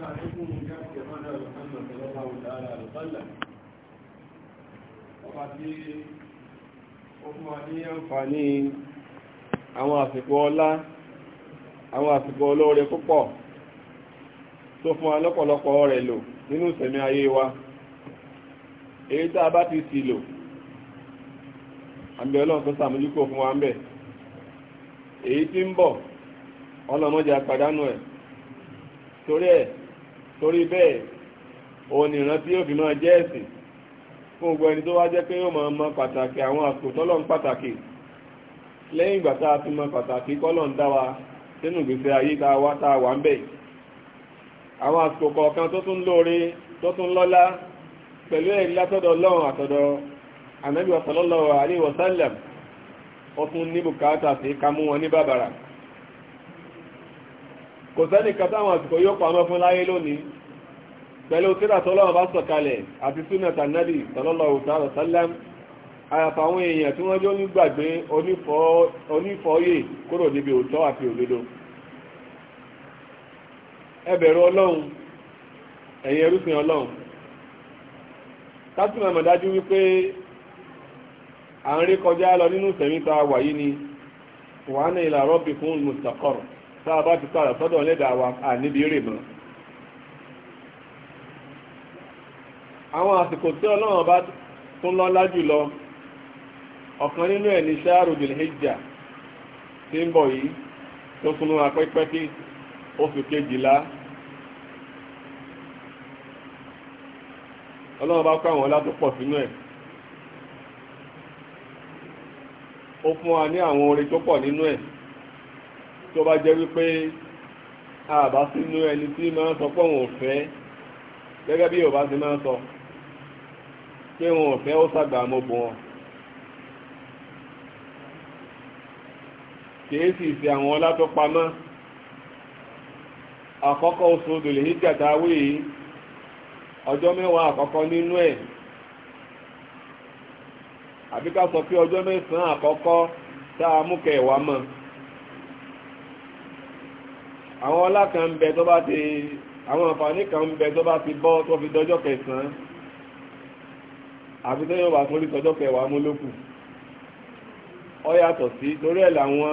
na جاءت àwọn àsìkò ọlá àwọn àsìkò púpọ̀ tó fún rẹ̀ lò nínú ìsẹ̀mí ayé wa èyí bá ti sì lò àbẹ̀ sàmójúkò fún wa ń bẹ̀ èyí tí ń bọ̀ ẹ̀ torí ẹ̀ torí bẹ́ẹ̀ òun ìran tí yóò fi máa jẹ́ ẹ̀sìn fún gbogbo ẹni tó wá jẹ́ pé yóò máa mọ pàtàkì àwọn àsìkò tọ́lọ̀ ń pàtàkì lẹ́yìn ìgbà tá a fi mọ pàtàkì kọ́lọ̀ ń dá wa nínú ìgbésẹ̀ ayé tá a wá tá a wà ń bẹ̀ àwọn àsìkò kọ̀ọ̀kan tó tún lóore tó tún lọ́lá pẹ̀lú ẹ̀rí látọ̀dọ̀ ọlọ́run àtọ̀dọ̀ ànábì sallallahu alaihi ó tún ní bùkátà sí ká wọn ní bàbàrà kò sẹ́ni kan táwọn àsìkò yóò pamọ́ fún láyé lónìí pẹ̀lú tírà tọ́lọ́wọ́ bá sọ̀kalẹ̀ àti súnà tànàbì sallallahu ta'ala sallam àyàfàwọn èèyàn tí wọ́n jẹ́ onígbàgbé onífọ́yè kúrò níbi òótọ́ àti òdodo ẹ bẹ̀rù ọlọ́run ẹ̀yin ẹrúsìn ọlọ́run tásìmọ̀ mọ̀dájú wípé à ń rí kọjá lọ nínú ìsẹ̀mí ta wàyí ni wàhánà ila rabbikumul mustaqarr tá a bá ti padà sọ́dọ̀ ẹlẹ́dàá wa àníbi rè mọ́ àwọn àsìkò tí ọlọ́run bá tún lọ́lá jùlọ ọ̀kan nínú ẹ̀ ní ṣáàrù dìlhíjà tí ń bọ̀ yìí tó súnmú apẹ́pẹ́ tí oṣù kejìlá ọlọ́run bá kọ́ àwọn pọ̀ sínú ẹ̀ ó fún wa ní àwọn oore tó pọ̀ nínú tó bá jẹ́ wípé àbá sínú ẹni tí máa ń sọ pé òun ò fẹ́ gẹ́gẹ́ bí yorùbá ti máa ń sọ pé òun ò fẹ́ ó sàgbà mo bò wọn. kìí sì sí àwọn ọlá tó pamọ́ àkọ́kọ́ oṣù òdòlè hígàtà wíì ọjọ́ mẹ́wàá àkọ́kọ́ nínú ẹ̀ àbíká sọ pé ọjọ́ mẹ́sàn-án tá a mú kẹwàá mọ́ àwọn ọlá kan ń bẹ tó bá ti àwọn àǹfààní kan ń bẹ tó bá ti bọ́ tó fi dọ́jọ́ kẹsàn-án àfi tó yóò wà fún olùsọjọ́ kẹwàá mú lókù ọ yàtọ̀ sí torí ẹ̀ làwọn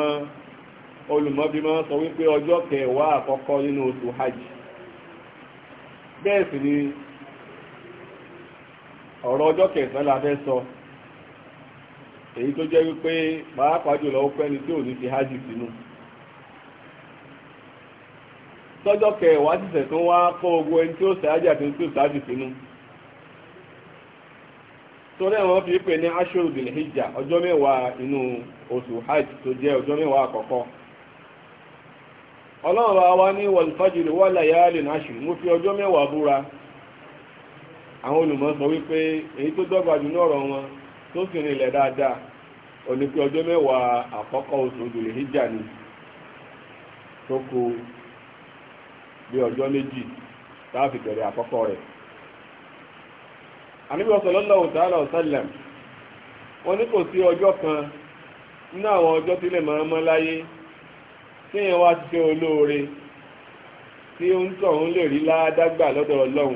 olùmọ́bímọ́ sọ wípé ọjọ́ kẹwàá àkọ́kọ́ nínú oṣù hajj bẹ́ẹ̀ sì ni ọ̀rọ̀ ọjọ́ kẹsàn-án la fẹ́ sọ èyí tó jẹ́ wípé pàápàá jùlọ ó pẹ́ni tí ò ní ti hajj sínú. Si tọ́jọ́ kẹwàá ti sẹ̀tún wá kọ́ ogun ẹni tí ó ṣáájú àti tí ó sínú torí àwọn fi pè ní ashur bil hijja ọjọ́ mẹ́wàá inú oṣù hajj tó jẹ́ ọjọ́ mẹ́wàá àkọ́kọ́ ọlọ́run bá wá ní fi ọjọ búra àwọn wípé èyí tó jù wọn tó sì dáadáa pé bí ọjọ́ méjì táàfi bẹ̀rẹ̀ àkọ́kọ́ rẹ̀ àníbi sallallahu ta'ala wa sallam ní kò sí ọjọ́ kan nínú àwọn ọjọ́ tí lè láyé tí ti tí ó ń tọ̀ ń lè rí ládágbà lọ́dọ̀ ọlọ́run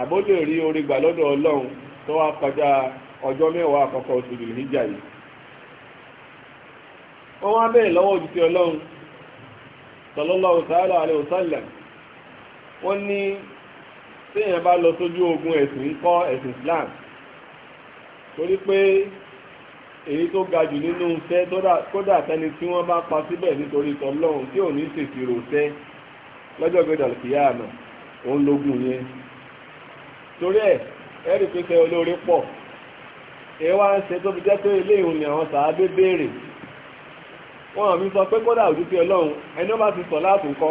àbó lè rí gbà lọ́dọ̀ ọlọ́run tó wá kọjá ọjọ́ mẹ́wàá àkọ́kọ́ oṣù wọ́n wá lọ́wọ́ wọ́n ní téèyàn bá lọ sójú ogun ẹ̀sìn ń kọ́ ẹ̀sìn Islam torí pé èyí tó ga jù nínú iṣẹ́ kódà tẹni tí wọ́n bá pa síbẹ̀ nítorí tọ́lọ́run tí ò ní ṣèṣirò iṣẹ́ lọ́jọ́ gbẹdọ̀ kìíyà àná òun lógun yẹn torí ẹ̀ ẹ̀rí pípẹ́ olóore pọ̀ èyí wá ń ṣe tó fi jẹ́ pé ilé ìhùn ni àwọn sàábé béèrè wọn àmì sọ pé kódà òjú ọlọ́run ẹni ó bá ti sọ láàtúnkọ́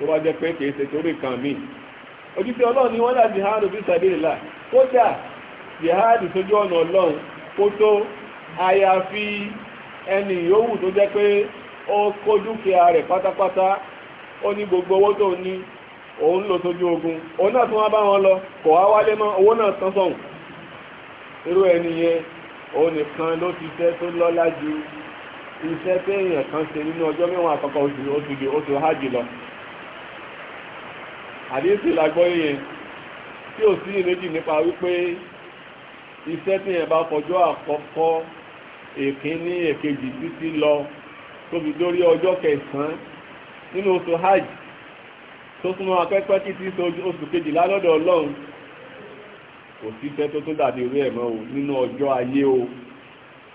tó bá jẹ́ pé kìí ṣe torí kan míì ojúṣe ọlọ́run ni wọ́n dà jihadu bí sàdéèlà kódà jihadu sójú ọ̀nà ọlọ́run kó tó àyàfi ẹni yòówù tó jẹ́ pé ó kó dúkìá rẹ̀ pátápátá ó ní gbogbo owó tó ní òun ogun òun náà tún wá bá wọn lọ kò wá wálé owó náà sọ̀hún irú ẹni yẹn òun nìkan ló ti fẹ́ kan ṣe nínú ọjọ́ mẹ́wàá àkọ́kọ́ oṣù oṣù hajj lọ àdínsì làgbọ́yé yẹn tí ò sí ìrèjì nípa wípé iṣẹ́ tí yẹn bá fọjọ́ àkọ́kọ́ èkíní èkejì títí lọ tóbi dórí ọjọ́ kẹsàn-án nínú oṣù hajj tó súnmọ́ akẹ́kọ̀ọ́ kí ti oṣù kejìlá lọ́dọ̀ ọlọ́run kò sí iṣẹ́ tó tó dàbí orí ẹ̀mọ́ o nínú ọjọ́ ayé o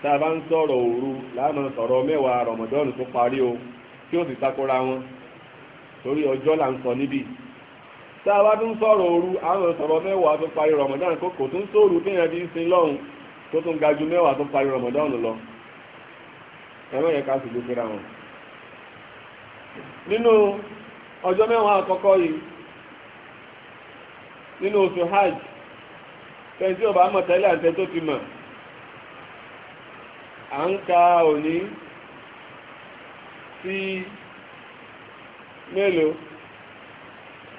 tá a bá ń sọ̀rọ̀ òru láàmú sọ̀rọ̀ mẹ́wàá rọ̀mọ̀dọ́nù tó parí o tí ó sì takora wọn torí ọjọ́ là ń sọ níbí tá a bá tún sọ̀rọ̀ òru àwọn sọ̀rọ̀ mẹ́wàá tó parí Ramadan kò tó ń sóòrù tí èèyàn ń sin lọ́hùn tó tún ga ju tó parí Ramadan lọ ẹ̀rọ yẹn ká sì gbé síra wọn. nínú ọjọ́ mẹ́wàá àkọ́kọ́ yìí nínú oṣù hajj tẹ̀sí ọba àti ti mọ̀ à ń ka òní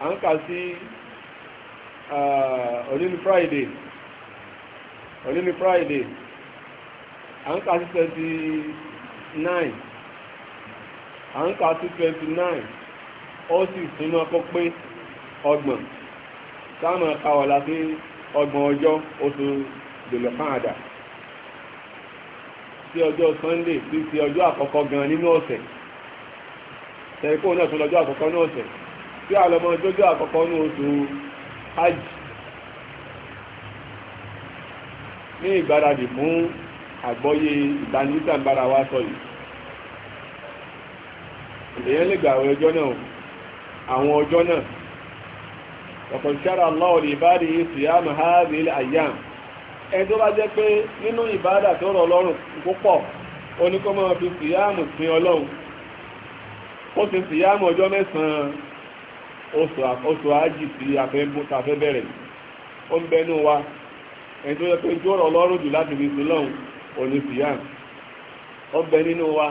à ń kà sí òní Friday òní Friday à ń kà sí twenty nine à ń kà sí twenty nine ó sì súnmọ́ kó pé ọgbọ̀n sáàmù kawà láti ọgbọ̀n ọjọ́ oṣù dèlọ́kànàdà sí ọjọ́ Sunday sí ti ọjọ́ àkọ́kọ́ gan nínú ọ̀sẹ̀ tẹ̀kọ́ náà tún lọ́jọ́ àkọ́kọ́ náà ọ̀sẹ̀ tí a lọ́mọ ọjọ́jọ́ àkọ́kọ́ ní oṣù hajj ní ìgbáradì fún àgbọ́yé wa sọ yìí èèyàn lè gbà àwọn ọjọ́ náà àwọn ọjọ́ náà ọ̀pọ̀ ìṣára Allah lè bá rí siyam àyàm. ẹni tó bá jẹ́ pé nínú ìbádà tó púpọ̀ oníkọ́mọ́ fi ọlọ́run ó ti ọjọ́ mẹ́sàn-án oṣù àájì tí afẹ́ bẹ̀rẹ̀ ó ń bẹnu wa ẹni tó yẹ pé tí ó rọ̀ lọ́rùn jù láti fi sí lọ́hùn òní siyam ó bẹ nínú wa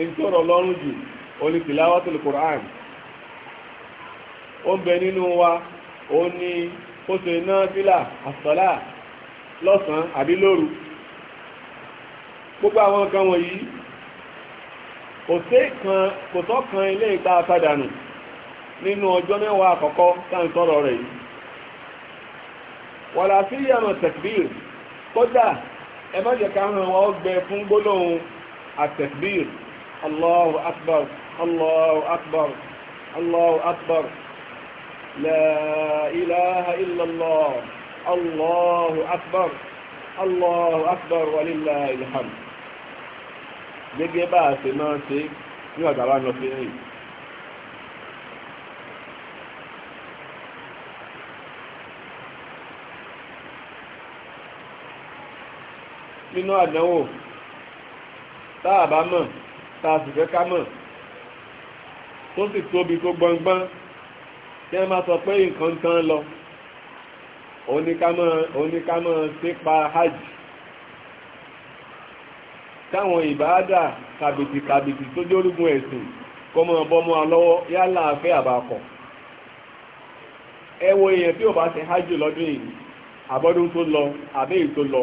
ẹni tó rọ̀ lọ́rùn jù òní tilawatul Qur'an ó ń bẹ nínú wa ó ní kó ṣe náfílà àsálà lọ́sàn àbí lóru gbogbo àwọn nǹkan wọ̀nyí kò sí kan kò ilé ìta padà nù nínú ọjọ́ mẹ́wàá àkọ́kọ́ táwọn sọ̀rọ̀ rẹ̀ yìí wàlá sí ìyànà tẹ̀kbír kódà ẹ má jẹ́ ká hàn wọ́n gbẹ fún gbólóhùn àtẹ̀kbír allahu akbar allahu akbar allahu akbar la ilaha illallah allahu akbar allahu akbar walillahi gẹ́gẹ́ bá a ṣe máa ṣe ní ọ̀gá lọ sí ẹ̀yìn nínú àdánwò táà bá mọ̀ táà sì fẹ́ ká mọ̀ tó sì tóbi tó gbọngbọ́n kí ẹ máa sọ pé nǹkan kan lọ oníkámọ́ sí pa hajj káwọn ìbáádà kàbìtì kàbìtì tó jórígun ẹ̀sìn kọmọ ọbọmọ alọ́wọ́ yálà afẹ́ àbákọ̀ ẹ wo èèyàn tí ò bá ṣe hajj lọ́dún yìí àbọ́dún tó lọ àbẹ́yìí tó lọ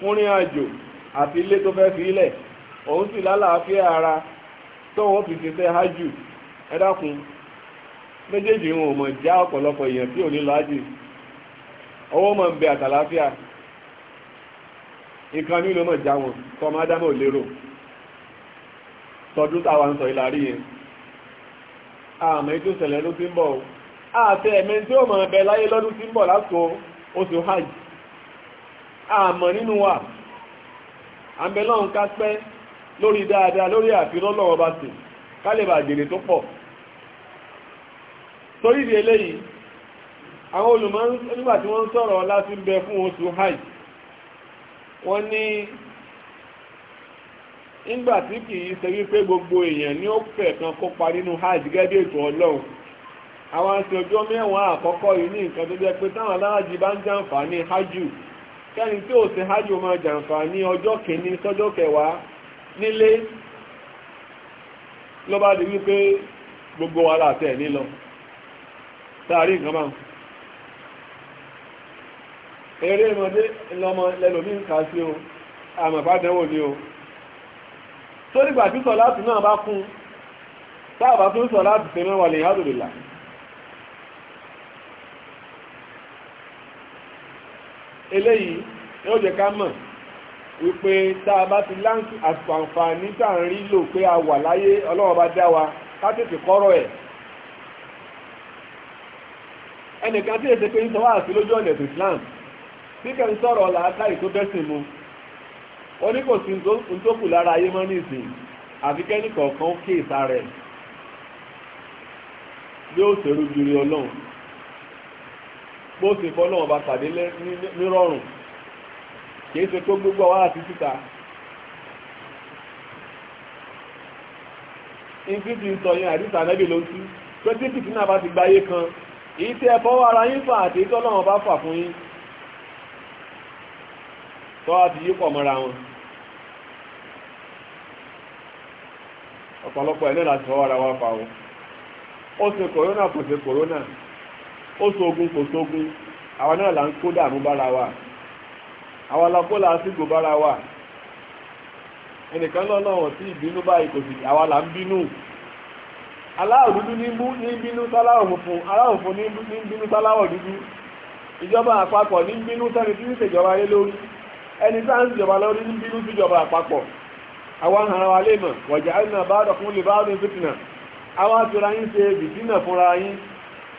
fún rìn àjò àti ilé tó fẹ́ fi ilẹ̀ òun sì lálàáfíà ara tóun ó fi ṣiṣẹ́ hajj ẹ dákun méjèèjì wọn ò mọ̀ já ọ̀pọ̀lọpọ̀ èèyàn tí ò ní láàjì ọwọ́ mọ̀ ń bẹ àtàláfíà nǹkan nínú mọ̀ já wọn tọmọ ádámọ̀ ò lérò tọdún táwa ń sọ ìlàrí yẹn àmọ́ ètò ìṣẹ̀lẹ̀ ló ti ń bọ̀ àti ẹ̀mẹ́ tí ó mọ̀ ẹ̀bẹ̀ láyé lọ́dún ti ń bọ̀ lásìkò oṣù hajj àmọ́ nínú wa àmẹ́lọ́run ká pẹ́ lórí dáadáa lórí àfihàn lọ́wọ́ bá sì kálẹ̀bà jèrè tó pọ̀ torí ìdí eléyìí àwọn olùmọ̀ nígbà tí wọ́n sọ̀rọ̀ láti bẹ fún oṣù hajj wọ́n ní nígbà tí kìí ṣe wípé gbogbo èèyàn ní ó fẹ́ kan kópa nínú hajj gẹ́gẹ́ bí ètò ọlọ́run àwọn aṣojú mẹ́wàá àkọ́kọ́ yìí ní nǹkan tó jẹ́ pé táwọn aláàjì bá ń jàǹfààní hajj kẹ́ni tí ó ṣe hajj máa jàǹfà ní ọjọ́ kìíní sọ́jọ́ kẹwàá nílé ló bá di wípé gbogbo wa látẹ̀ nílọ sáàrí nǹkan máa eré ìmọ̀dé lọmọ lẹ́lòmí ń kà sí o àmọ̀bádẹ́wò ni o tó nígbà tí sọ láti náà bá kún sáàbà tó sọ láti tẹ́mẹ́wà lè yádùn lè láti eléyìí yóò jẹ́ ká mọ̀ wípé tá a bá ti láǹtì àǹfààní tá à ń rí lò pé a wà láyé ọlọ́wọ́ bá dá wa ká tètè kọ́rọ̀ ẹ̀ ẹnìkan tí èsè pé ń sọwọ́ àti lójú ọ̀nà ètò Islam tí kẹ́ ń sọ̀rọ̀ làákàyè tó bẹ́sìn mu ó ní kò sí ń tó kù lára ayé mọ́ ní ìsìn àfi kẹ́nìkọ̀ọ̀kan ó kéè sára ẹ̀ yóò ṣèrú jùlọ ọlọ́run bó ṣe bọ́ náà bá pàdé nírọ̀rùn kìí ṣe tó gbogbo àwọn àti síta ìfífi ń sọ yẹn àdìsá nẹ́bí ló ń tú pẹ́tí bá ti gbáyé kan èyí tí ẹ ara yín fà àti ìtọ́ náà bá fà fún yín tọ́ àti yí pọ̀ mọ́ra wọn ọ̀pọ̀lọpọ̀ ẹ̀ náà láti fọwọ́ ara wa fà ó ṣe kòrónà ó ogun kò sógun àwa náà là ń kó bára wa àwa la kó làásìgbò bára wa ẹnìkan náà náà sí ìbínú báyìí kò sì àwa là ń bínú aláwọ̀ dúdú ní bínú sáláwọ̀ funfun aláwọ̀ funfun ní bínú sáláwọ̀ dúdú ìjọba àpapọ̀ ní bínú sẹ́ni tí ń ṣèjọba ayé lórí ẹni tá ń ṣèjọba lórí ní bínú àpapọ̀ fúnra yín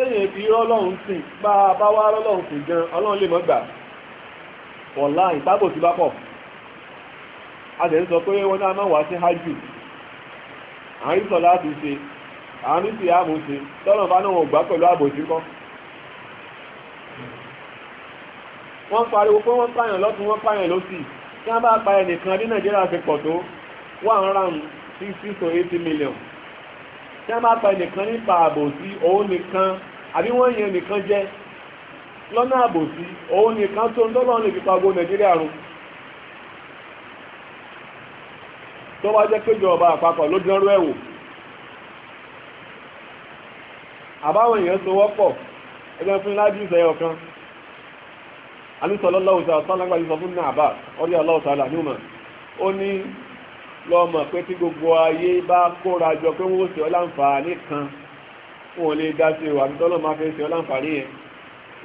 téèyàn fi rọ́lọ́run sìn bá bá wá rọ́lọ́run sìn gan ọlọ́run lè mọ́ gbà ọ̀la ìtàbò tí bá pọ̀ a dẹ̀ ń sọ pé wọ́n náà máa wá sí hajj àárín sọ láti ṣe àárín sì àmú ṣe tọ́nà bá náà wọ́n gbà pẹ̀lú ààbò tí kọ́ wọ́n pariwo pé wọ́n pààyàn lọ́tún wọ́n pààyàn lọ́sì tí wọ́n bá pa ẹnìkan ní nàìjíríà ti pọ̀ tó one hundred sixty to eighty million tí wọ́n bá pa ẹnìkan nípa àbòsí òun nìkan àbí wọ́n yẹn nìkan jẹ́ lọ́nà àbòsí òun nìkan tó ń tọ́lọ́ lè fi pa gbogbo nàìjíríà run tó bá jẹ́ péjọba àpapọ̀ ló dánrú ẹ̀wò àbáwọn èèyàn so wọ́pọ̀ ẹgbẹ́ fún lájú ìṣẹ́ ọ̀kan alúsọ̀lọ́lọ́wọ́sọ̀ sọ́lágbàjú sọ fún náà bá ọdí aláwọ̀sọ̀ alàmúmọ̀ ó ní lọ́mọ̀ pé tí gbogbo ayé bá kóra jọ pé wọ́n ọláǹfààní kan wọ́n lè dá sí ìwà tọ́lọ̀ máa fẹ́ ṣe ọláǹfààní yẹn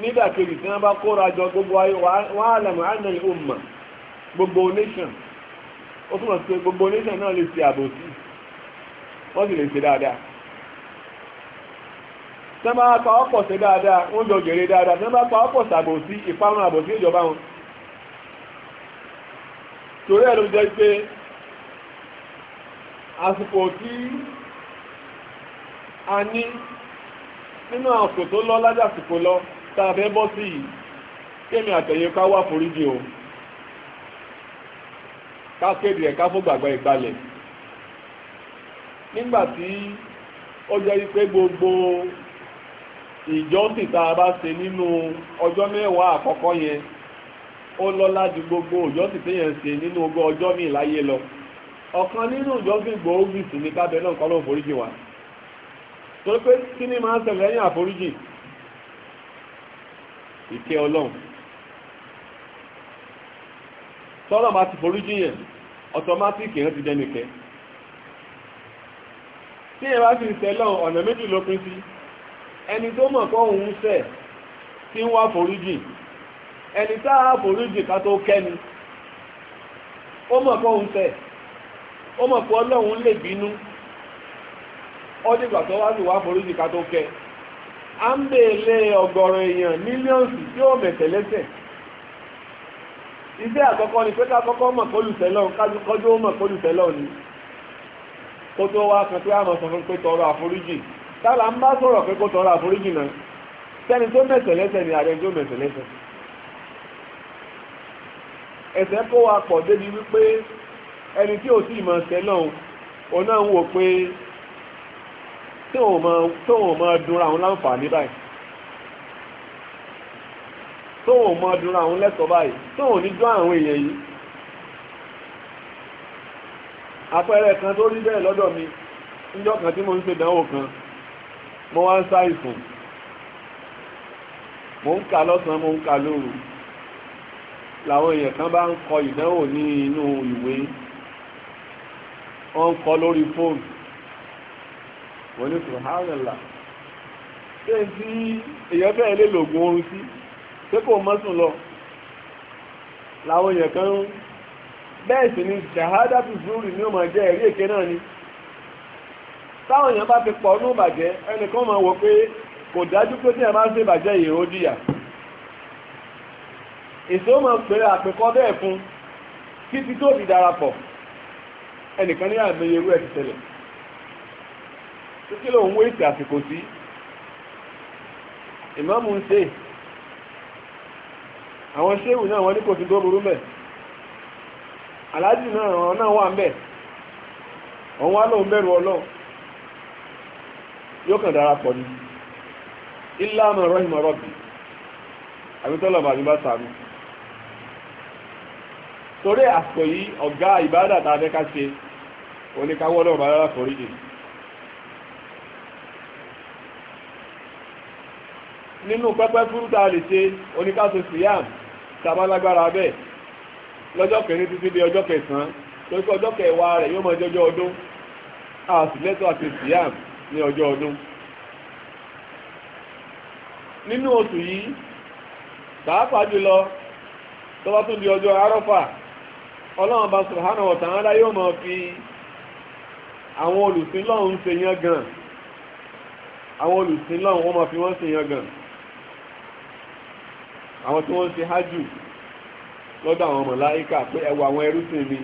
nígbà tí wọ́n bá kóra gbogbo ayé wọ́n á lẹ̀mọ̀ àná ìhùnmọ̀ gbogbo nation ó túnmọ̀ sí gbogbo nation náà lè ṣe àbòsí wọ́n sì lè ṣe dáadáa tí wọ́n bá pa dáadáa wọ́n jọ jèrè dáadáa tí wọ́n bá pa àbòsí ìjọba àsìkò tí a ní nínú àsìkò tó lọ lájàsìkò lọ tá a fẹ́ bọ́ sí yìí kémi àtẹ̀yẹ ká wá foríjì o ká kéde ẹ̀ ká fógbàgbà ìbalẹ̀ nígbà ó jẹ́ wípé gbogbo ìjọ́sìn tá a bá ṣe nínú ọjọ́ mẹ́wàá àkọ́kọ́ yẹn ó lọ. ọ̀kan nínú ìjọsìn gbòógì sí ní kábẹ̀ náà kọ́ ló ń foríjì wa tó pé kí ni máa ń ṣẹlẹ̀ lẹ́yìn àforíjì ìkẹ́ ọlọ́run tọ́lọ̀ máa ti foríjì yẹn ọ̀tọ́mátìkì yẹn ti dẹnìkẹ́ tí ẹ bá fi ṣẹlọ ọ̀nà méjì ló pín sí ẹni tó mọ̀ kọ́ òun ṣẹ̀ tí ń wá foríjì ẹni tá a foríjì ká tó kẹ́ni ó mọ̀ kọ́ òun ṣẹ̀ ó mọ̀ pé ọlọ́run lè bínú ọdígbà tó wá wá forí tó kẹ A ń bèèrè ọ̀gọ̀rọ̀ èèyàn mílíọ̀nsì tí ó mẹ̀tẹ̀ iṣẹ́ àkọ́kọ́ ni pé kákọ́kọ́ mọ̀ kólùtẹ́lọ́run kájú ó mọ̀ ni kó tó wá kan pé sọ fún pé tọrọ àforíjì tọrọ àforíjì náà sẹ́ni tó ni tó ẹ̀sẹ̀ kó wa ẹni tí ò sí ìmọ̀ sẹ́lọ̀n ọ̀nà wo wò pé tóun mọ dunra òun láǹfààní báyìí tóun mọ dunra òun lẹ́tọ̀ọ́ báyìí tóun ní dún àwọn èèyàn yìí àpẹẹrẹ kan tó rí bẹ́ẹ̀ lọ́dọ̀ mi níjọ́ kan tí mo ń ṣèdánwò kan mo wá ń mo ń kà mo ń kà làwọn èèyàn kan bá kọ ìdánwò ní inú ó ń kọ lórí fóònù wọ́n ní sùhánàlá ṣé tí èèyàn bẹ́ẹ̀ lè lògùn oorun sí pé kò mọ́ sùn lọ làwọn èèyàn kan ń bẹ́ẹ̀ sì ni jahada tuzuri ni ó máa jẹ́ ẹ̀rí èké náà ni táwọn èèyàn bá ti pọ̀ ní ìbàjẹ́ ẹnìkan máa wọ pé kò dájú pé tí ẹ máa ń ṣe ìbàjẹ́ yìí ó dìyà èso máa pèrè àpèkọ́ bẹ́ẹ̀ fún kí ti tó fi darapọ̀ ẹnìkan ní àmìyẹ ewé ẹ̀tì tẹ́lẹ̀ títí lòun wéètì àsìkò sí ìmáàmù ń ṣe àwọn ṣéwù náà wọ́n ní kò sí tó burú mẹ́ aláàjì náà àwọn náà wà ń bẹ̀ wá lóun bẹ̀rù ọlọ́run yóò kàn darapọ̀ ni ilá àmọ̀ rọ́hìmọ̀ rọ́bì àbítọ́lọ̀ bàbí bá sàánú torí àsìkò yìí a oníkawọ́ náà bá rárá forí jì nínú pẹ́pẹ́ fúrú lè ṣe oníkàṣe siam tàbálágbára lọ́jọ́ kẹrin títí di ọjọ́ kẹsàn-án tó kí ọjọ́ kẹwàá rẹ̀ yóò máa jọjọ́ ọdún a àti siam ní ọjọ́ ọdún nínú oṣù yìí pàápàá jùlọ tún di ọjọ́ arọ́fà àwọn olùsìn lọ́hun ń ṣe yán gan àwọn olùsìn lọ́hun wọ́n máa fi wọ́n ṣe yán gan àwọn tí wọ́n ń ṣe hájù lọ́dọ̀ àwọn mọ̀láíkà pé ẹwà àwọn ẹrúsìn mi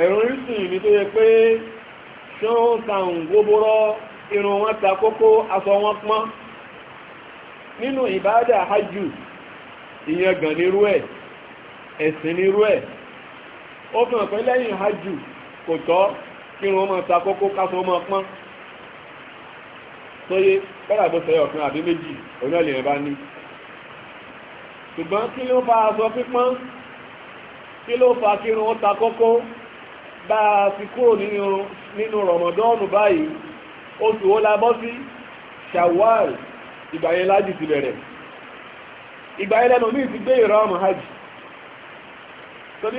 ẹ̀rùn ẹrúsìn mi tó yẹ pé ṣọ́n sàn gbóbórọ́ irun wọn ta kókó aṣọ wọn pọ́n nínú ìbádà Hajj, ìyẹn gan nírú ẹ̀ ẹ̀sìn nírú ẹ̀ ó fi hàn pé lẹ́yìn hájù kò tọ́ kí wọ́n máa ta kókó káṣọ máa pọ́n tóyé kọ́lá bó ṣe ọ̀kan àbí méjì òun náà lè bá ní ṣùgbọ́n kí ló fa aṣọ pípọ́n kí ló fa kí wọ́n ta kókó bá a fi kúrò nínú rọ̀mọ̀dọ́ọ̀nù báyìí oṣù wo la bọ́ sí Ṣawwal ìgbà yẹn lájì ti bẹ̀rẹ̀ ìgbà yẹn lẹ́nu mi ti gbé ìrọ̀ ọmọ hajj torí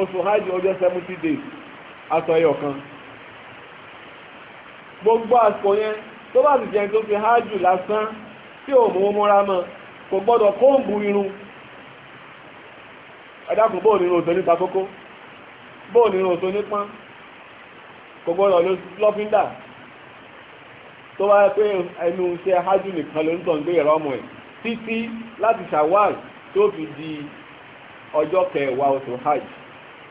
oṣù hajj ọjọ́ seventy days aṣọ ẹyọ kan gbogbo àsìkò yẹn tó bá tó fi hajj lásán tí ò mú mọ́ra mọ́ kò gbọ́dọ̀ kóńbù irun ẹ̀dàkùn bóò nínú òtò níta bóò nínú òtò nípọn kò gbọ́dọ̀ lọ́fíńdà tó bá yẹ hajj nìkan ló ń tàn gbé ẹ̀rọ ọmọ ẹ̀ di ọjọ́ kẹwàá oṣù hajj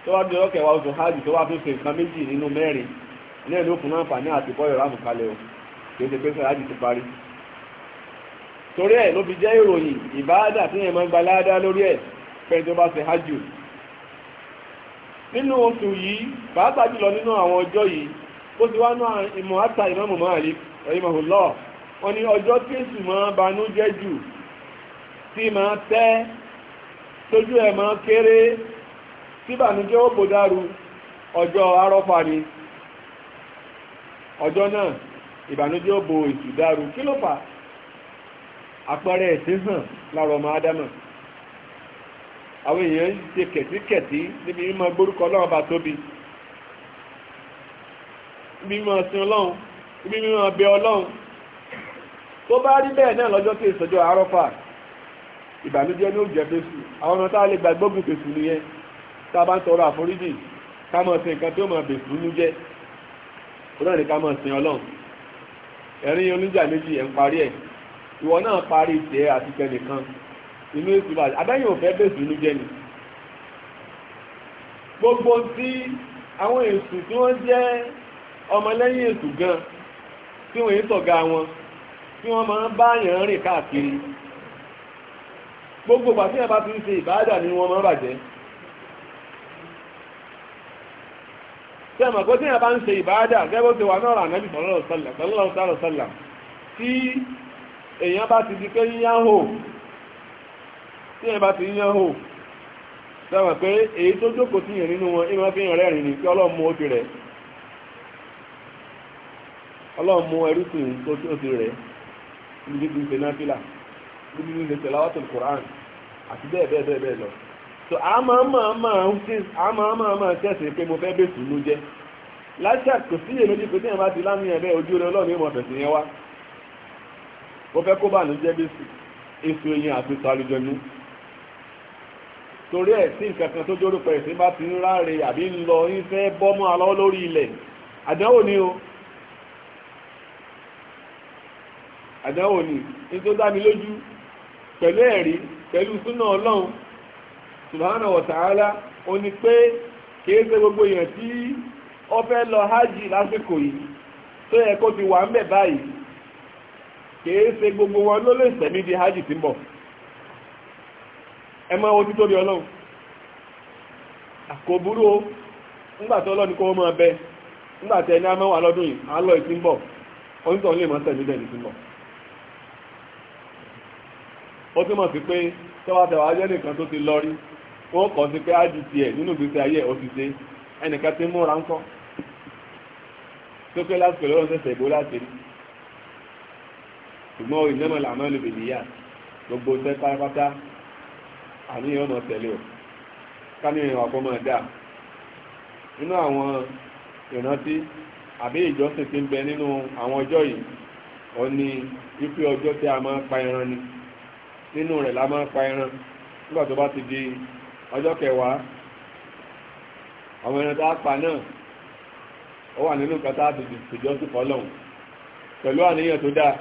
tó wá di ọlọ́kẹ̀wá oṣù hajj tó wá tó ṣe nǹkan méjì nínú mẹ́rin ní ẹ̀lú òkun láǹfààní àti bọ́ọ̀lù ráàmù kalẹ̀ o kìí ṣe pé sọ hajj ti parí. torí ẹ̀ ló fi jẹ́ ìròyìn ìbáàdà tí yẹn máa ń gba láàdá lórí ẹ̀ pé tó bá ṣe hajj. nínú oṣù yìí pàápàá jùlọ nínú àwọn ọjọ́ yìí ó ti wá náà ìmọ̀ àtà ìmọ̀mù Malik rahimahullah wọn ni ọjọ́ tí èsù máa banú jẹ́ jù tí máa tẹ́ tójú ẹ̀ máa kéré tíbànújẹ́ ó bòdárù ọjọ́ arọ́fà ni ọjọ́ náà ìbànújẹ́ ó bo ètù dárù kí ló fà àpẹẹrẹ ẹ̀sìn hàn lára ọmọ ádámà àwọn èèyàn ń ṣe kẹ̀tíkẹ̀tí níbi mímọ̀ gbórúkọ ọlọ́run bá tóbi níbi mímọ̀ sin ọlọ́run níbi mímọ̀ bẹ ọlọ́run tó bá rí bẹ́ẹ̀ náà lọ́jọ́ tí ìsọjọ́ arọ́fà ìbànújẹ́ ní ó jẹ́ fèsù àwọn ọmọ tá a lè gbàgbógun fèsù nìyẹn tá bá ń tọrọ àforíjì ká máa sin nǹkan tí ó máa bè fún jẹ́ ọlọ́run ní ká máa sin ọlọ́run ẹ̀rín oníjà méjì ẹ̀ ń parí ẹ̀ ìwọ náà parí ìtẹ́ àti tẹnìkan inú èsì wà abẹ́yìn òfẹ́ bè fún jẹ́ ni gbogbo tí àwọn èsù tí wọ́n jẹ́ ọmọlẹ́yìn èsù gan tí wọ́n yìí sọ̀gá wọn tí wọ́n máa ń báyàn rìn káàkiri gbogbo pàtíyàn bá ti ń ṣe ìbáàdà ni wọ́n máa ń bàjẹ́ a sẹ́mọ̀ kó tí ìyàbá ń ṣe ìbáadà gẹ́gbó ti wà náà ànábì sọ̀rọ̀ sọ́là tí èèyàn bá ti di pé yíyán hò tí èèyàn bá ti yíyán hò sẹ́mọ̀ pé èyí tó jókòó sí yẹn nínú wọn ìmọ̀ fi hàn rẹ́rìn ní kí ọlọ́mú ó ti rẹ̀ ọlọ́mú ẹrúsìn ó ti rẹ̀ níbi tí ń ṣe náfìlà níbi tí ń ṣe tẹ̀láwọ́tò Kùránì àti bẹ́ẹ̀ bẹ́ẹ̀ bẹ́ẹ̀ lọ so a máa máa máa ń tí a máa máa máa tẹ̀sí pé mo fẹ́ bèsù ló jẹ́ láti àkó sí èméjì pé téèyàn bá ti lámì ẹ̀ bẹ́ẹ̀ ojú rẹ ọlọ́run yóò mọ̀ fẹ̀sì yẹn wá mo fẹ́ kó bà ló jẹ́ bèsù èso eyín àti sọ àlùjọ ní torí ẹ̀ tí nǹkan kan tó jórò pẹ̀lú bá ti ń ráre àbí ń lọ ń fẹ́ bọ́mọ́ alọ́ lórí ilẹ̀ àdánwò ni o àdánwò ni ní tó dá mi lójú pẹ̀lú ẹ̀rí pẹ̀lú súnà ọlọ́run subhanahu wa ta'ala ó ní pé kìí ṣe gbogbo èèyàn tí ọ fẹ́ lọ hajj lásìkò yìí tó yẹ kó ti wà ń bẹ̀ báyìí kìí ṣe gbogbo wọn ló lè sẹ̀mí di hajj tí ń bọ̀ ẹ mọ ojú tó di ọlọ́run kò burú o nígbà tí ọlọ́run kó máa bẹ nígbà tí ẹni amáwà lọ́dún yìí á lọ ìsín bọ̀ onítọ̀ lè máa tẹ̀lé bẹ́ẹ̀ nìsín bọ̀ ó túmọ̀ sí pé tẹ́wàá tẹ́wàá jẹ́ nìkan tó ti lọ rí wọ́n kọ́ sí pé adìsí ẹ̀ nínú ìgbésí ayé ọ̀sísẹ́ ẹnìkan ti múra ń kọ́ tó pé lásìkò lọ́rùn sẹ̀sẹ̀ ìbò láti rí ṣùgbọ́n ìnáwó làmọ́ ló bèbè yá gbogbo iṣẹ́ pátápátá àníyàn ọ̀nà tẹ̀lé o káníyàn wà fọmọ ẹ̀dá nínú àwọn ìrántí àbí ìjọsìn ti ń bẹ nínú àwọn ọjọ́ yìí ó ní wípé ọjọ́ tí a máa pa ẹran ni nínú rẹ̀ la máa pa ẹran nígbà tó bá ti di ọjọ́ kẹwàá àwọn ẹran tá a pa náà ó wà nínú nǹkan tá a tètè tèjọ́ sí fọlọ́hún pẹ̀lú àníyàn tó dáa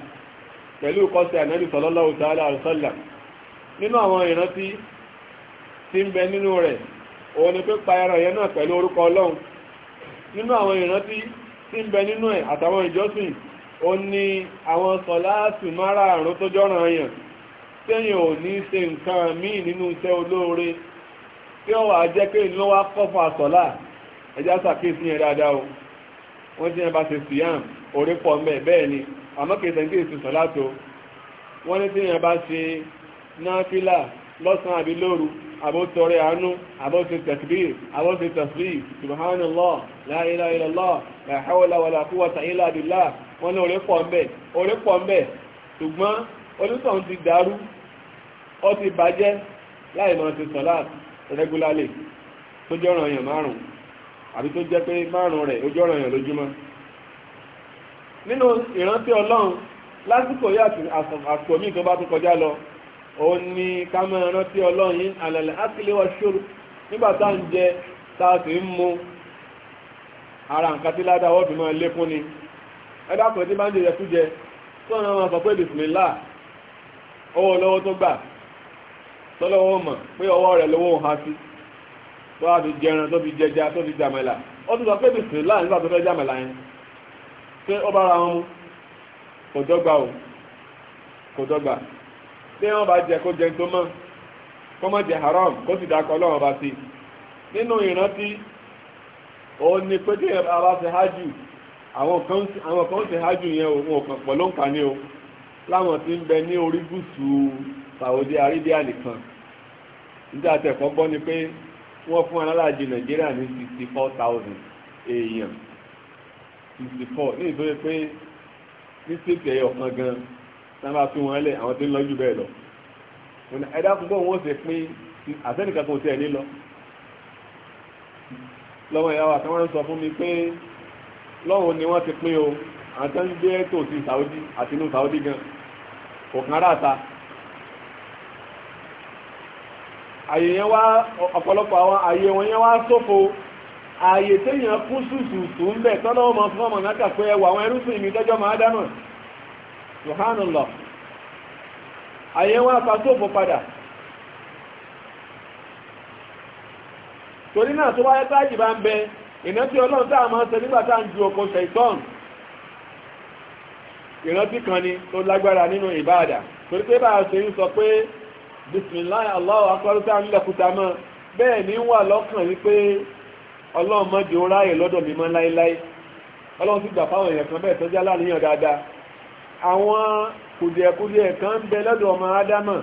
pẹ̀lú kọ́sẹ̀ ànábì sallallahu ta'ala alaihi wasallam nínú àwọn ìrántí tí ń bẹ nínú rẹ̀ òun ni pé pa ẹran yẹn náà pẹ̀lú orúkọ ọlọ́run nínú àwọn ìrántí tí ń bẹ nínú ẹ̀ àtàwọn ìjọsìn ó ní àwọn sọ̀láàtù márààrún tó jọ́ràn yàn tẹ́yìn ò ní ṣe nǹkan míì nínú iṣẹ́ olóore kí ó wà jẹ́ kí ìlú wá kọ́ fún àsọ̀lá ẹjá sàkíyèsí yẹn dáadáa o wọ́n ti yẹn bá ṣe siyam orí pọ̀ mẹ́ bẹ́ẹ̀ ni àmọ́ kìí sọ̀lá tó wọ́n ní tí yẹn bá ṣe náfìlà lọ́sàn-án àbí lóru àbótọrẹ wala ní orí pọ̀ orí pọ̀ ṣùgbọ́n ti dàrú ti bàjẹ́ regularly tó jẹ́ ọ̀ràn èèyàn márùn-ún àbí tó jẹ́ pé márùn-ún rẹ̀ ojú ọ̀ràn èèyàn lójúmọ́ nínú ìrántí ọlọ́run lásìkò yìí àti àsìkò míì tó bá tún kọjá lọ òun ni ká máa rántí ọlọ́run yìí àlàlẹ̀ ákìlẹ́wọ̀ ṣòro nígbà tá à ń jẹ tá a sì ń mu ara nǹkan tí ládàá wọ́n fi máa lékún ni ẹ̀dá pẹ̀lú tí bá ń jẹ yẹkújẹ tó ń rán wọn sọ pé bìsìmílà owó lọ́wọ́ tó gbà tọ́lọ́wọ́ mọ̀ pé ọwọ́ rẹ̀ lọ́wọ́ ń ha sí tó a fi jẹran tó fi jẹja tó fi jàmẹ̀là ó ti sọ pé bìsì láàrin nígbà tó fẹ́ jàmẹ̀là yẹn pé ó bára wọn kò dọ́gba o kò dọ́gba tí wọ́n bá jẹ kó jẹ tó mọ́ kó má jẹ haram kó sì dákọ̀ ọlọ́run bá sí nínú ìrántí òun ni pé tí a bá ṣe hajj àwọn kan ṣe hajj yẹn òun ò kàn pọ̀ ló ń kà ní o láwọn tí ń bẹ ní orí gúúsù Saudi Arabia nìkan nígbà tẹ̀kọ́ gbọ́ ni pé wọ́n fún alálàájì Nàìjíríà ní sixty four thousand èèyàn sixty four ní ìtòlẹ́ pé ní sèpì ẹ̀yọ̀ kan gan sábà fi wọn lẹ̀ àwọn tó ń lọ jù bẹ́ẹ̀ lọ ẹ̀dá fún bọ́ọ̀ wọn ó sì pín àtẹnìkan kò tiẹ̀ ní lọ lọ́wọ́ ìyá wa kan wọ́n sọ fún mi pé lọ́wọ́ ni wọ́n ti pín o àtẹ́ńgbé tó sí Saudi àtinú Saudi gan kò kan ráta àyè wá ọ̀pọ̀lọpọ̀ àwọn àyè wọn yẹn wá ṣófo ààyè téèyàn kú tó ń bẹ̀ tọ́lọ́ ọmọ fún ọmọ náà kàpẹ́ ẹwà àwọn ẹrúsìn mi tẹ́jọ́ máa dáná subhanallah ààyè wọn àpàtófò padà torí náà tó wáyé táàjì bá kan ni tó lágbára nínú ìbáàdà torí pé bá a sọ pé bisimilayi Allahu akbar tá à ń lẹ́kúta mọ́ bẹ́ẹ̀ ni wà lọ́kàn wípé ọlọ́run mọ́ di oráyè lọ́dọ̀ mi mọ́ láéláé ọlọ́run sì gbà fáwọn èèyàn kan bẹ́ẹ̀ tọ́jú aláàníyàn dáadáa àwọn kùdìẹ̀kùdìẹ̀ kan ń bẹ lọ́dọ̀ ọmọ ádámà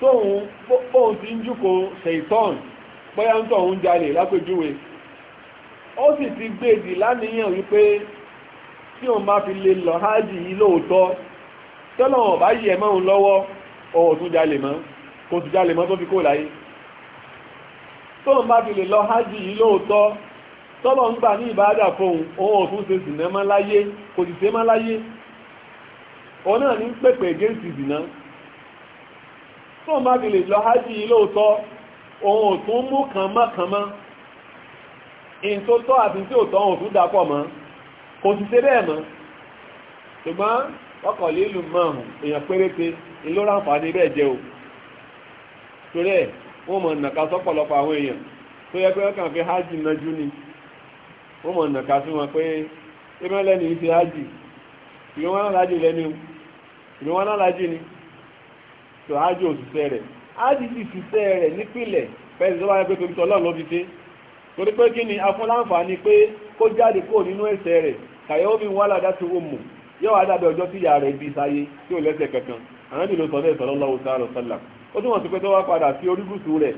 tóun bóun ti ń jùkò ṣèitán bóyá ń tọ̀hún jalè lápèjúwe ó sì ti gbèdì láníyàn wípé tí òun bá fi lè lọ háàjì yìí lóòótọ́ tọ́lọ́wọ̀n bá yẹ̀ mọ́ òun lọ́wọ́ ọwọ́ tún jalè mọ́ kò tún jalè mọ́ tó fi kó láyé tó ń bá fi lè lọ hajj yìí lóòótọ́ tọ́lọ̀ ń gbà ní ìbáradà fóun òun ò tún ṣe sìnà mọ́ láyé kò sì ṣe mọ́ láyé òun náà ní pèpè against ìdìnà tó ń bá fi lè lọ hajj yìí lóòótọ́ òun ò tún mú kànmọ́kànmọ́ ìntótọ́ àti tí ò tọ́ òun ò tún dapọ̀ mọ́ kò sì ṣe bẹ́ẹ̀ mọ́ ṣùgbọ́n ọkọ̀ lílù márùn èèyàn péréte ìlóra àǹfààní bẹ́ẹ̀ jẹ́ o torí ẹ̀ wọ́n mọ̀ nàka sọ́pọ̀lọpọ̀ àwọn èèyàn tó yẹ pé ọkàn fi hajj nájú ni wọ́n mọ̀ nàka sí wọn pé ìmọ̀lẹ́ni ti hajj ìlú wọn náà lájì lẹ́nu ìlú wọn náà lájì ni tó hajj òṣìṣẹ́ rẹ̀ hajj ti ṣiṣẹ́ rẹ̀ nípìnlẹ̀ pẹ̀lú tó bá yẹ pé torí tọ́lọ́ ló fi ṣe torí pé kí ni afúnláǹfààní pé kó jáde kúrò nínú ẹ̀ṣẹ̀ rẹ̀ kàyọ́ mi wà ládàá tó yóò wa dábẹ́ ọjọ́ tí ìyá rẹ̀ bí sáyé tí ò lẹ́sẹ̀ kankan ànábì ló sọ bẹ́ẹ̀ sallallahu ta'ala sallam ó túmọ̀ sí pé tó wá padà sí orígùsù rẹ̀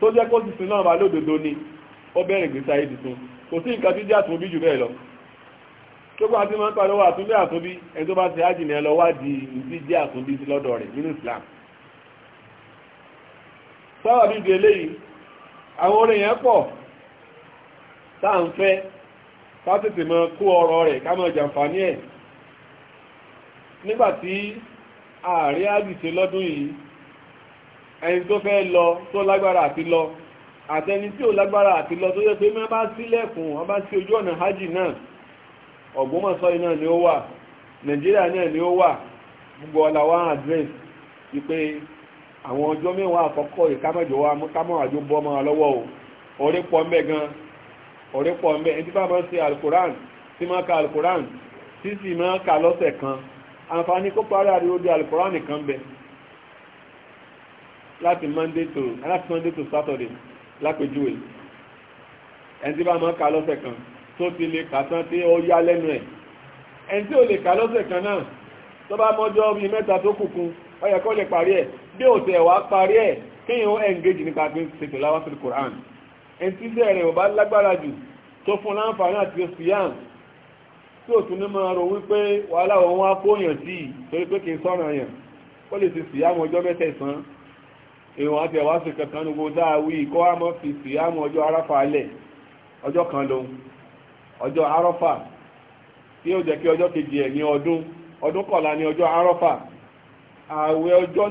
tó jẹ́ kó sísun náà bá lódodo ni ó bẹ̀rẹ̀ gbèsè ayé tuntun kò sí nǹkan tí jẹ́ àtúnbí jù bẹ́ẹ̀ lọ gbogbo àti máa ń àtúnbí àtúnbí ẹni lọ ìdí jẹ́ àtúnbí sí lọ́dọ̀ rẹ̀ nínú Islam eléyìí àwọn orin yẹn pọ̀ sátìtì mọ kó ọrọ̀ rẹ̀ ká mọ jàǹfààní ẹ̀ nígbà tí ààrẹ àdìsẹ lọ́dún yìí ẹni tó fẹ́ lọ tó lágbára àti lọ àtẹni tí ò lágbára àti lọ tó yẹ pé má bá sílẹ̀kùn wọn bá sí ojú ọ̀nà hajj náà Ògbómọ̀ṣọ́ iná ni ó wà Nàìjíríà náà ni ó wà gbogbo ọ̀la wa address wípé àwọn ọjọ́ mẹ́wàá àkọ́kọ́ ìkámẹ́jọ wa kámọ́ àjọ bọ́ ọmọ lọ́wọ́ o orí pọ̀ mẹ́ gan-an ọ̀rẹ́ pọ̀ mẹ́ ẹni tí bá máa ń ṣe alukoran tí máa ka alukoran tí sì máa ka lọ́sẹ̀ kan àǹfààní kó parí ariwo di alukoran nìkan bẹ láti monday to láti monday to saturday lápèjúwe ẹni tí bá máa ka lọ́sẹ̀ kan tó ti lè kà tán tí ó yá lẹ́nu ẹ̀ ẹni tí ò lè kà lọ́sẹ̀ kan náà tó bá mọ́jọ́ bíi mẹ́ta tó kùkún ó yẹ kó lè parí ẹ̀ bí òtẹ̀ wá parí ẹ̀ kéèyàn ó engage nípa pé ṣètò láwá sí Quran ẹni tí ọba jụ to lágbára jù tó fún láǹfààní àti tí tún ní máa wípé wàhálà òun á kóyàn sí i torí pé kì í sọ̀rọ̀ yàn ó lè ti siam ọjọ́ mẹ́tẹ̀ẹ̀sán èèwọ̀n àti ẹ̀wá sí kankan ní gbogbo fi siam ọjọ́ arafa alẹ̀ ọjọ́ kan lòun ọjọ́ arọ́fà tí ó jẹ́ kí ọjọ́ kejì ẹ̀ ní ọdún ọdún kọ̀ọ̀la ní ọjọ́ arọ́fà ààwẹ̀ ọjọ́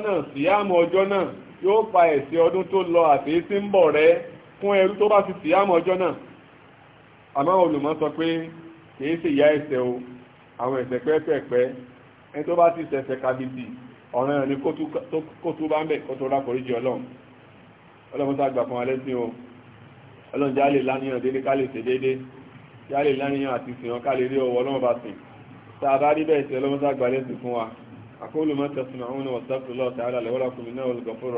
fún ẹrú tó bá ti sì á mọ́ ọjọ́ náà àmọ́ olùmọ̀ sọ pé kìí sì yá ẹ̀ṣẹ̀ o àwọn ẹ̀ṣẹ̀ pẹ́ẹ́pẹ́ẹ́pẹ́ ẹni tó bá ti ṣẹ̀ṣẹ̀ kàbìtì ọ̀ràn ẹ̀rìn kó tú bá ń bẹ̀ kó tó rá kòríjì ọlọ́run ọlọ́run sá gbà fún alẹ́ sí o ọlọ́run já lè láníyàn déédé ká lè ṣe já lè láníyàn àti sìn ọ́ ká lè rí ọwọ́ ọlọ́run bá sìn tá a bá rí bẹ́ẹ̀ sí ọlọ́run sá gbà lẹ́sìn fún wa أقول ما تسمعون واستغفر الله تعالى لي ولكم إنه الغفور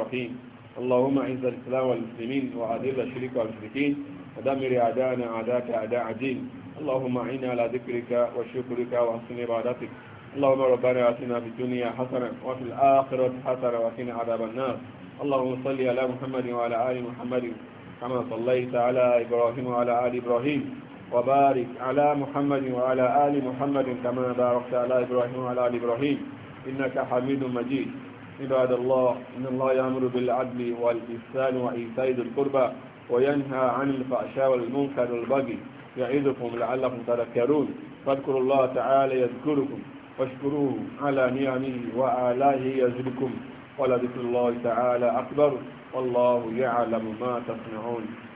اللهم اعز الإسلام والمسلمين وأذل الشريك والمشركين ودمر أعداءنا أعداءك أعداء الدين اللهم أعنا على ذكرك وشكرك وحسن عبادتك اللهم ربنا آتنا في الدنيا حسنة وفي الآخرة حسنة وقنا عذاب النار اللهم صل على محمد وعلى آل محمد كما صليت على إبراهيم وعلى آل إبراهيم وبارك على محمد وعلى آل محمد كما باركت على إبراهيم وعلى آل إبراهيم إنك حميد مجيد عباد الله إن الله يأمر بالعدل والإحسان وإيتاء ذي القربى وينهى عن الفحشاء والمنكر والبغي يعظكم لعلكم تذكرون فاذكروا الله تعالى يذكركم واشكروه على نعمه وآلائه يزدكم ولذكر الله تعالى أكبر والله يعلم ما تصنعون